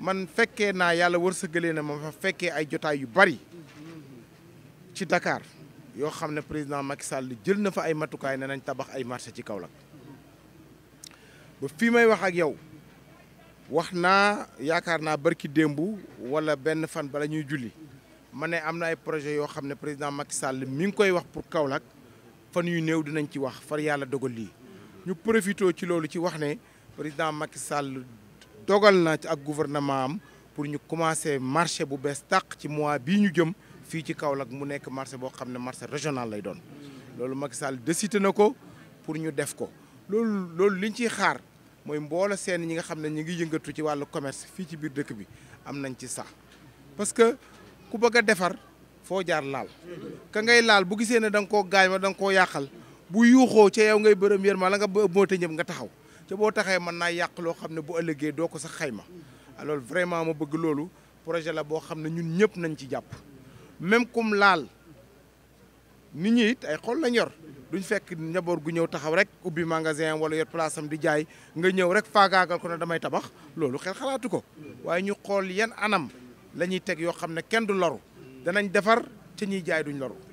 man fekkee naa yàlla war wërsëgalee na ma fa fekkee ay jotaay yu bari ci Dakar yoo xam ne président Macky Sall jël na fa ay matukaay ne nañ tabax ay marché ci Kaolack ba fii may wax ak yow wax naa yaakaar naa barki démb wala benn fan bala ñuy julli ma ne am na ay projet yoo xam ne président Macky Sall mi ngi koy wax pour Kaolack fan yu néew dinañ ci wax far yàlla dogal lii ñu profité ci loolu ci wax ne président Macky Sall dogal na ci ak gouvernement am pour ñu commencer marché bu bees tàq ci mois bii ñu jëm fii ci Kaolack mu nekk marché boo xam ne marché régional lay doon loolu Macky Sall décidé na ko pour ñu def ko loolu loolu liñ ciy xaar mooy mboole seen ñi nga xam ne ñu ngi yëngatu ci wàllu commerce fii ci biir dëkk bi am nañ ci sax parce que ku bëgg a defar foo jaar laal ka ngay laal bu gisee ne da nga koo gaañ ma da nga koo yàqal bu yuuxoo ca yow ngay bërëm yéen ma la nga moote ñëpp nga taxaw te boo taxee man naa yàq loo xam ne bu ëllëgee doo ko sax xayma alors vraiment ma bëgg loolu projet la boo xam ne ñun ñëpp nañ ci jàpp même comme laal nit ñi it ay xool lañ yor duñ fekk njaboot gu ñëw taxaw rek ubbi magasin wala yor place am di jaay nga ñëw rek faagaagal ko ne damay tabax loolu xel xalaatu ko waaye ñu xool yan anam lañuy teg yoo xam ne kenn du loru danañ defar ci ñuy jaay duñ loru